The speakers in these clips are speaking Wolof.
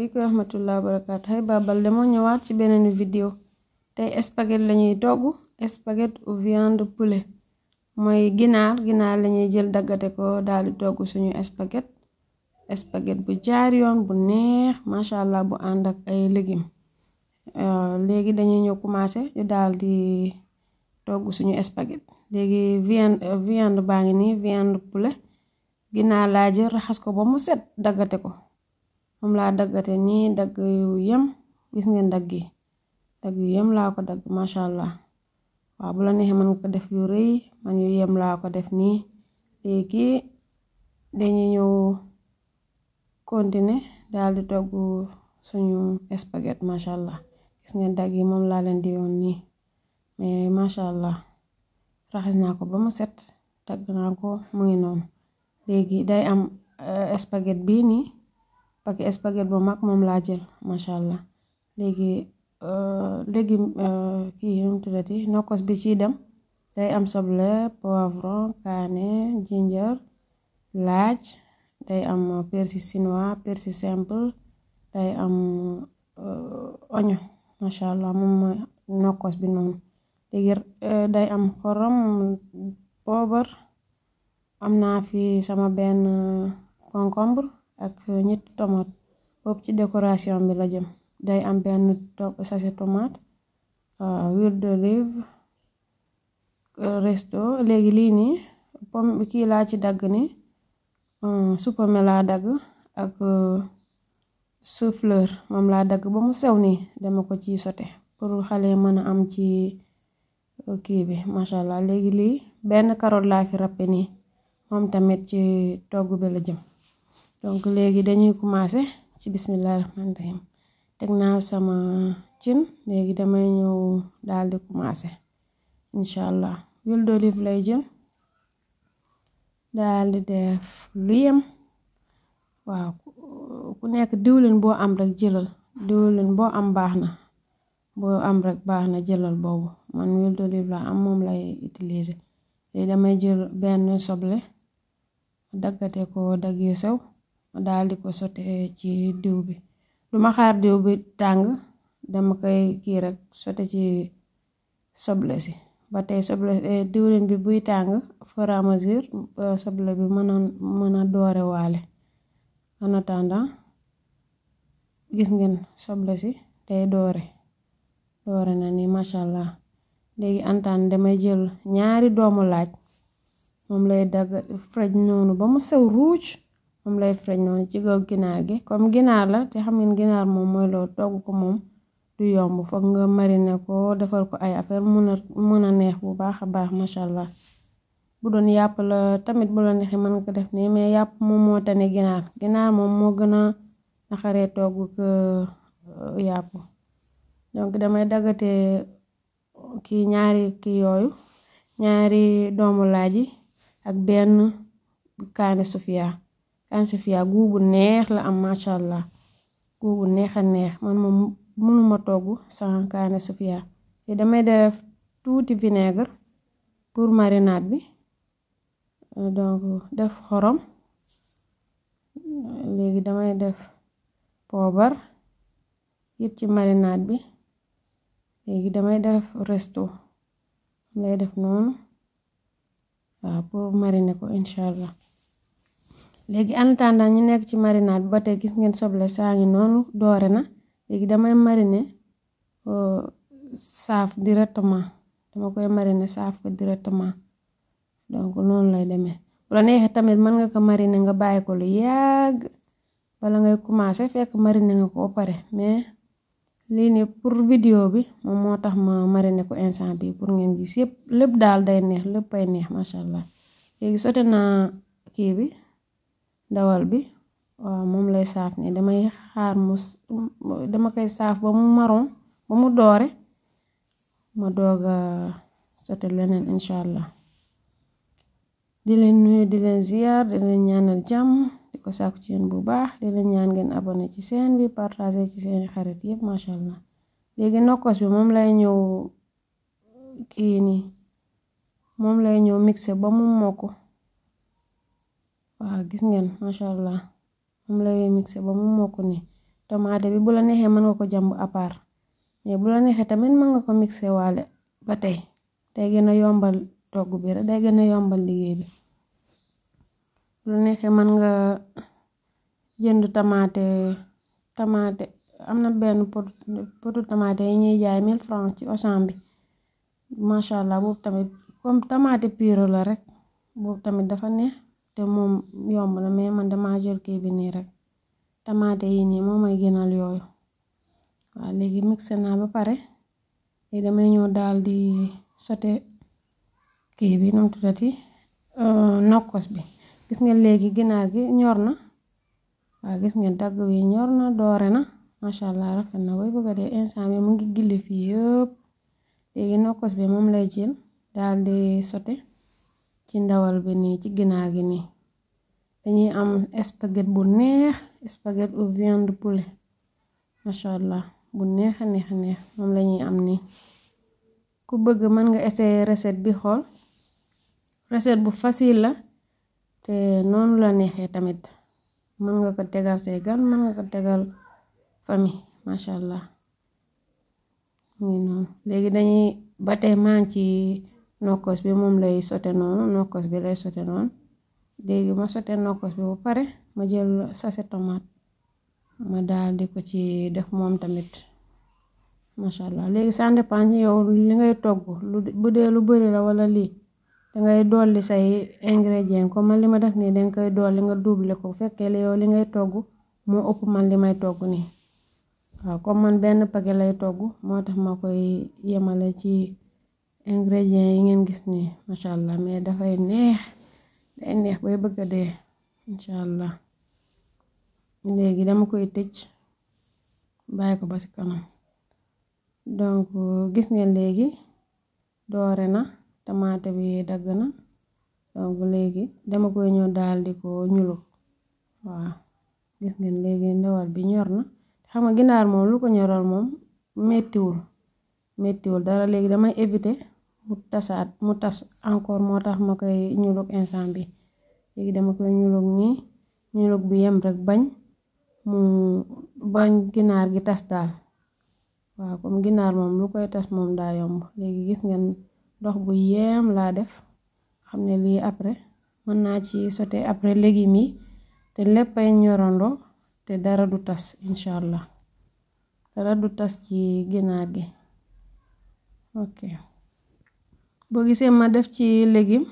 waaleykum rahmatullah barakaatu xay babal de moo ñëwaat ci beneen vidéo tey spaghetti lañuy togg spaghetti ou viande poulet mooy ginaar ginaar lañuy jël daggate ko daal di togg suñu spaghetti spaghetti bu jaar yoon bu neex macha allah bu ànd ak ay légumes euh, léegi dañuy ñëw commencé ñu daal di togg suñu spaghetti léegi viande euh, viande baa ngi nii viande poulet ginaar laa jël raxas ko ba mu set daggate ko. moom laa daggate nii dagg yu yem gis ngeen dagg yi dagg yu yem laa ko dagg macha allah waaw bu la neexee mën nga ko def yu rëy man yu yem laa ko def nii léegi dañuy ñëw kontine daal di togg suñu spaghetti macha allah gis ngeen dagg yi moom laa leen di yoon nii mais macha allah raxas naa ko ba mu set dagg naa ko mu ngi noonu léegi day am euh, spaghetti bii nii. paquet spaget bu mag moom laaj jël macha allah léegi euh, léegi euh, kii nu mu nokkos bi ciy dem day am soble poivron kaane ginger laaj day am persil chinois persil simple day am euh, oignon macha allah moom nokkos bi noonu léegi day am xorom poobar am naa fi sama benn concombre ak ñetti tomate boobu ci décoration bi la jëm day am benn sachet tomate ah, huile d'olive euh, resto léegi lii nii pomme kii laa ci dagg ni supame laa dagg ak chou euh, moom laa dagg ba mu sew nii dama ko ci sote pour xale mën a am ci euh, kii bi macha allah léegi lii benn carotte laa fi ràppe nii moom tamit ci togg bi la jëm donc léegi dañuy commencer ci bismillah rahmaani rahim teg naa sama cin léegi damay ñëw daal di commencer incha allah huile d'olive lay jël daal di def lu yem waaw ku nekk diwlin boo am rek jëlal diwlin boo am baax na boo am rek baax na jëlal boobu man huile d'olive la am moom lay utiliser léegi damay jël benn soble daggate ko dag sew ma ko sote ci diw bi duma xaar diw bi tàng dama koy kii rek sote ci soble si ba tey soble eh, diwlin bi buy tàng fur soble bi mën a doorewaale a doore gis ngeen soble si tey doore doore na ni macha allah léegi antaan damay jël ñaari doomu laaj moom lay dagg frej noonu ba mu sew ruuj moom lay frej noonu ci kaw ginaar gi comme ginaar la te xam ngeen ginaar moom mooy loolu togg ko moom du yomb foog nga mariner koo defar ko ay affaire mun a mun a neex bu baax a baax macha allah bu doon yàpp la tamit bu la neexee mën nga ko def nii mais yàpp moom moo tane ginaar ginaar moom moo gën a naxaree togg ko euh, yàpp donc damay dagate kii ñaari kii yooyu ñaari doomu laaj yi ak benn kaani sufiya Sansevia guubu neex la am macha allah guubu neex a neex man moom mënuma togg sans kaane Sansevia te damay def tuuti vinaigre pour marinaat bi donc def xorom léegi damay def poobar yëpp ci marinaat bi léegi damay def resto lay def noonu waaw pour mariner ko incha allah. léegi en attendant ñu nekk ci marinade bi ba tey gis ngeen soble saa ngi noonu doore na léegi damay mariner euh, saaf directement dama koy mariner saaf ko directement donc noonu lay demee bu la neexee tamit mën nga ko mariner nga bàyyi ko lu yàgg bala ngay commencer fekk mariner nga ko pare mais lii ne pour vidéo bi moom moo tax ma mariner ko instant bi pour ngeen gis yëpp lépp daal day neex lépp ay neex macha allah léegi sote naa kii bi. dawal bi waaw moom lay saaf nii damay xaar mu dama koy saaf ba mu maron ba mu doore ma doog a sote leneen incha allah di leen nuyu di leen ziyaar di leen ñaanal jàmm di ko sàkku ci yéen bu baax di leen ñaan ngeen abonné ci seen bi partagé ci seeni xarit yëpp macha allah léegi nokkos bi moom lay ñëw kii nii moom lay ñëw mixé ba mu mokk waaw gis ngeen macha allah moom la ñuy ba mu mokk nii tamaate bi bu la neexee mën nga ko jàmb à part mais bu la neexee tamit mën nga ko mixé waale ba tey day gën a yombal togg bi rek day gën a yombal liggéey bi bu la neexee man nga jënd tamaate tomate am na benn potu tamaate yi ñuy jaay mille francs ci Auchan bi macha allah boobu tamit comme tamaate pure la rek boobu tamit dafa neex. te moom yomb na mais man dama jël kii bi nii rek tamaate yi nii moom may gënal yooyu waaw léegi mixé naa ba pare léegi damay ñëw daal di sote kii bi nu mu tuddati euh, nokkos bi gis ngeen léegi ginaar gi ñor na waaw gis ngeen dagg wi ñor na doore na macha allah rafet na booy bëgg dee instant bi mu ngi gilli fii yëpp léegi nokkos bi moom lay jël daal di sote ci ndawal bi nii ci ginaar gi nii dañuy am spaghetti bu neex spaghetti au viande poulet macha allah bu neex a neex a neex moom lañuy am ni ku bëgg mën nga essayer recette bi xool recette bu facile la te noonu la neexee tamit mën nga ko tegal say mën nga ko tegal famille macha allah mu léegi dañuy ba tey nokkos bi moom lay sote noonu nokkos bi lay sote noonu léegi ma sote nokkos bi ba pare ma jël sachet tomate ma daal di ko ci def moom tamit macha allah léegi ça dépend yow li ngay togg lu bu dee lu bëri la wala lii dangay dolli say ingrédient ko man li ma def nii danga koy dool li nga double ko bu fekkee yow li ngay togg moo ëpp man li may togg nii waaw comme man benn paquet lay togg moo tax ma koy yemale ci. ingrédients yi ngeen gis nii macha allah mais dafay neex day neex bay bëgg a dee allah léegi dama koy tëj bàyyi ko ba ci kanam donc gis ngeen léegi doore na tamaate bi dagg na donc léegi dama koy ñëw daal di ko ñulu waaw gis ngeen léegi ndawal bi ñor na xam nga ginaar moom lu ko ñoral moom mettiwul mettiwul dara léegi damay éviter mu tasaat mu tas encore moo tax ma koy ñulug instant bi léegi dama koy ñulug nii ñulug bu yem rek bañ mu bañ ginaar gi tas daal waaw comme ginaar moom lu koy tas moom daa yomb léegi gis ngeen ndox bu yem laa def xam ne lii après mën naa ci sote après légumes yi te léppay ñorando te dara du tas incha allah dara du tas ci ginaar gi boo gisee ma def ci légume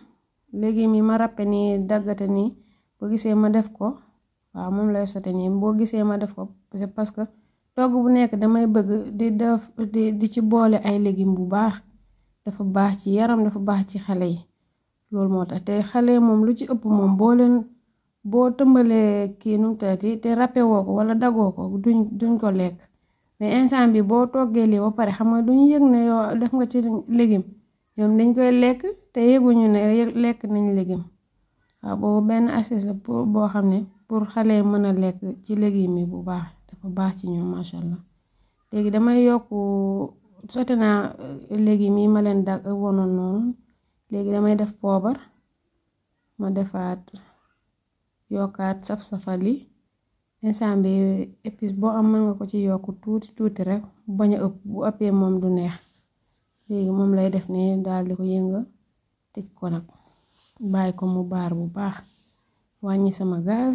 légume yi ma ràppe nii daggate nii boo gisee ma def ko waaw moom lay sote boo gisee ma def ko c'est parce que togg bu nekk damay bëgg di def di di ci boole ay légume bu baax dafa baax ci yaram dafa baax ci xale yi loolu moo tax te xale moom lu ci ëpp moom boo leen boo tëmbalee kii nu tati te ràppe ko wala dagoo ko duñ duñ ko lekk mais instant bi boo toggee lii ba pare xam nga duñ yëg ne yow def nga ci légume ñoom dañ koy lekk te yëguñu ne lekk nañ légume waaw boobu benn assiette la pour boo xam ne pour xale mën a lekk ci légume yi bu baax dafa baax ci ñoom macha allah léegi damay yokk sotti naa euh, légume yi ma leen dag wonoon noonu léegi damay def poobar ma defaat yokkaat saf-safal yi instant bi épice boo am mën nga ko ci yokk tuuti tuuti rek bañ a ëpp bu ëppee moom du neex léegi moom lay def ne daal di ko yëngal tëj ko nag bàyyi ko mu baar bu baax wàññi sama gaz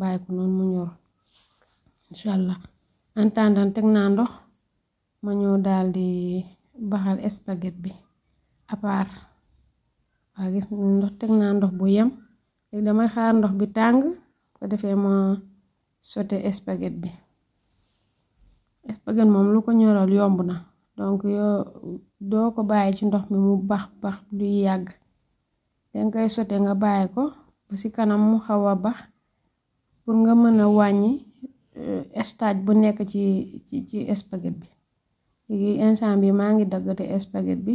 bàyyi ko noonu mu ñor incha allah en teg naa ndox ma ñëw daal di baxal espaget bi à part waa gis ndox teg naa ndox bu yem léegi damay xaar ndox bi tàng ko defee ma sote espaget bi espaget moom lu ko ñoral yomb na donc yoo doo ko bàyyi ci ndox mi mu bax bax luy yàgg danga koy sote nga bàyyi ko ba ci kanam mu xaw a bax pour nga mën a wàññi euh, stage bu nekk ci ci ci bi léegi instant bi maa ngi daggate espaget bi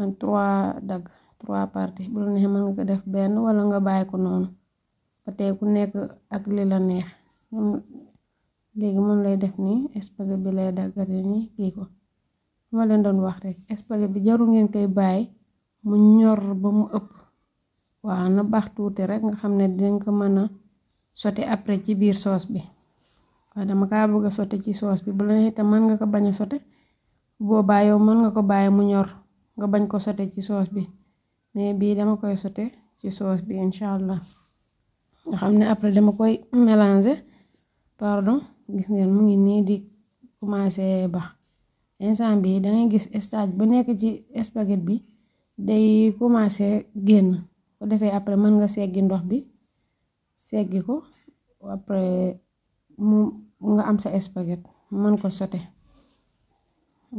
en trois dagg trois parties bu la neexee mën nga ko def benn wala nga bàyyi ko noonu ba tey ku nekk ak li la neex léegi moom lay def nii espaget bi lay daggate nii kii ko ma leen doon wax rek espaget bi jarul ngeen koy bàyyi mu ñor ba mu ëpp waa na baax tuuti rek nga xam ne dinañ ko mën a sotti après ci biir soos bi waa dama kaa bëgg a sotti ci soos bi la neexee mën nga ko bañ a sotti boobaa yow nga ko bàyyi mu ñor nga bañ ko sotti ci soos bi mais bii dama koy sotti ci soos bi incha allah nga xam ne après dama koy mélanger pardon gis ngeen mu ngi nii di commencé baax. instant bi dangay gis stage bu nekk ci spaghette bi day commencé génn ko defee après mën nga seggi ndox bi seggi ko après mu nga am sa spaghette mën ko sote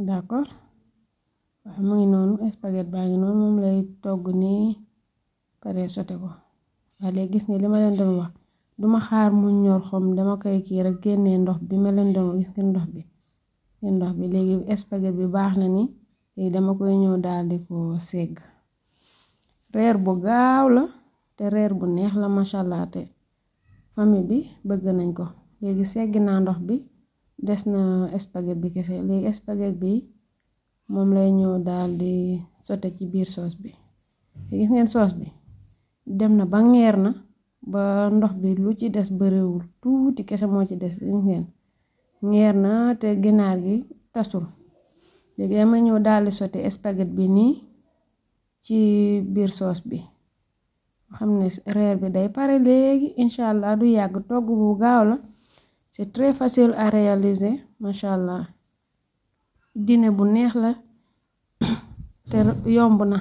d'accord waaw mu ngi noonu spaghette baa ngi noonu moom lay togg nii pare sote ko waaye léegi gis nga li ma leen doon wax duma xaar mu ñor xom dama koy kii rek génnee ndox bi ma leen doon gis nga ndox bi ndox bi léegi espaget bi baax na ni léegi dama koy ñëw daal ko segg reer bu gaaw la te reer bu neex la macha allah famille bi bëgg nañ ko léegi segg naa ndox bi des na espaget bi kese léegi espaget bi moom lay ñëw daldi sote ci biir soos bi gis ngeen soos bi dem na ba ngeer na ba ndox bi lu ci des bëriwul tuuti kese moo ci des gis ngeen ñeer na te ginaar gi tasul léegi dama ñëw daldi sotti espaget bi nii ci biir soos bi xam ne reer bi day pare léegi incha allah du yàgg togg bu gaaw la c'est très facile à réaliser macha allah dine bu neex la te yomb na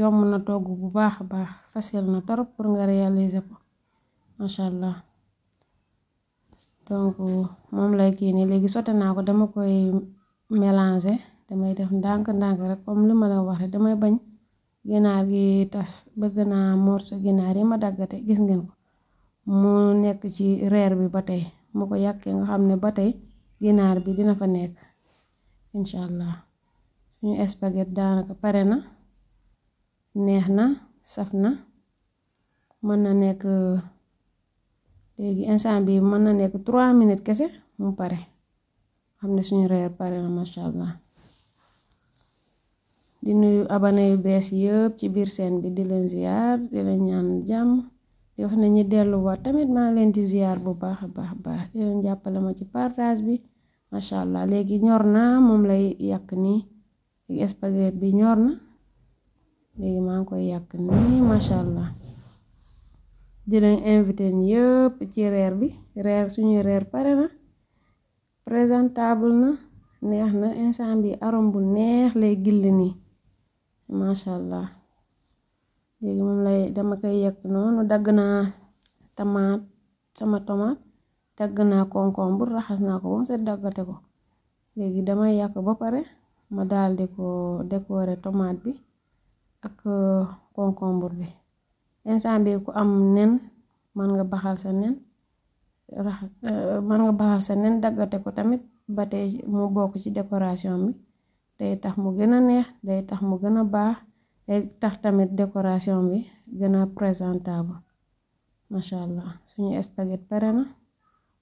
yomb na togg bu baax a baax facile na torop pour nga réaliser ko macha allah donc moom lay kii nii léegi sote naa ko dama koy mélanger damay def ndànk ndànk rek comme li ma la waxee damay bañ ginaar gi tas bëgg naa morceau ginaar yi ma daggate gis ngeen ko mu nekk ci reer bi ba tey mu ko yàkkee nga xam ne ba tey ginaar bi dina fa nekk incha allah suñu espaget daanaka pare na neex na saf na mën na nekk léegi instant bi mën na nekk 3 minutes kese mu pare xam ne suñu reer pare na macha allah di nuyu abana yu bees yëpp ci biir seen bi di leen ziar di leen ñaan jàmm di wax ne ñi delluwaat tamit maa leen di ziar bu baax a baax baax di leen jàppale ma ci partage bi macha allah léegi ñor naa moom lay yàq nii léegi espagnol bi ñor na léegi maa ngi koy yàq nii macha allah. di invité yëpp ci reer bi reer suñuy reer pare na présentable na neex na instant bi arôme bu neex lay gilli nii macha allah léegi moom lay dama koy yekk noonu dagg naa tamaate sama tomate dagg naa concombre raxas naa ko ba set daggate ko léegi damay yàq ba pare ma daal di ko décorer tomate bi ak euh, concombre bi instant ku am nen mën nga baxal sa nen rax euh, nga baxal sa nen daggate ko tamit ba tey mu bokk ci décoration bi day tax mu gën a neex day tax mu gën a baax day tax tamit décoration bi gën a présentable macha allah suñu spaghetti pare na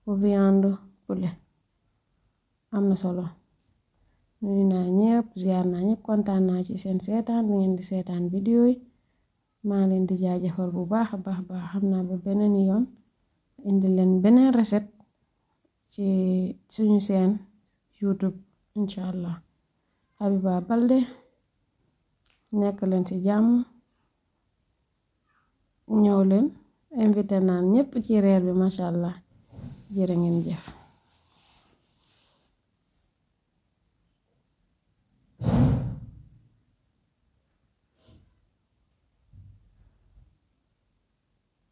bu viande poulet am na solo nuyu naa ñëpp ziar naa ñëpp kontaan naa ci seen seetaan bi ngeen di seetaan vidéo yi maa leen di jaajëfal bu baax a baax baax xam naa ba beneen yoon indi leen beneen recette ci suñu seen youtube incha allah Habiba Balde nekk leen ci jàmm ñëw leen invité naan ñépp ci reer bi macha allah jërë ngeen jëf